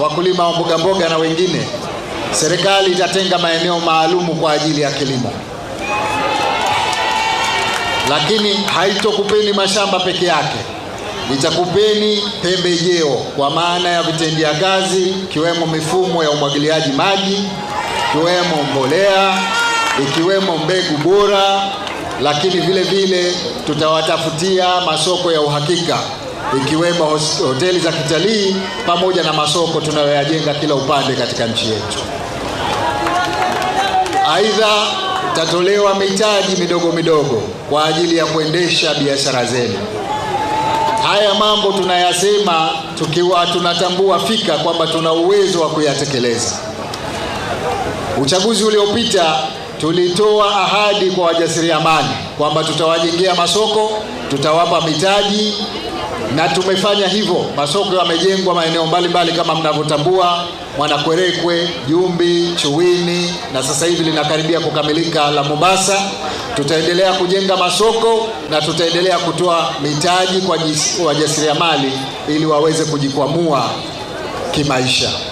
wakulima wa mbogamboga na wengine, serikali itatenga maeneo maalumu kwa ajili ya kilimo, lakini haitokupeni mashamba peke yake, itakupeni pembejeo kwa maana ya vitendea kazi, ikiwemo mifumo ya umwagiliaji maji, ikiwemo mbolea, ikiwemo mbegu bora, lakini vile vile tutawatafutia masoko ya uhakika ikiwemo hoteli za kitalii pamoja na masoko tunayoyajenga kila upande katika nchi yetu. Aidha, tatolewa mitaji midogo midogo kwa ajili ya kuendesha biashara zenu. Haya mambo tunayasema tukiwa tunatambua fika kwamba tuna uwezo wa kuyatekeleza. Uchaguzi uliopita tulitoa ahadi kwa wajasiriamali kwamba tutawajengea masoko, tutawapa mitaji na tumefanya hivyo. Masoko yamejengwa maeneo mbalimbali kama mnavyotambua, Mwanakwerekwe, Jumbi, Chuwini na sasa hivi linakaribia kukamilika la Mombasa. Tutaendelea kujenga masoko na tutaendelea kutoa mitaji kwa wajasiriamali ili waweze kujikwamua kimaisha.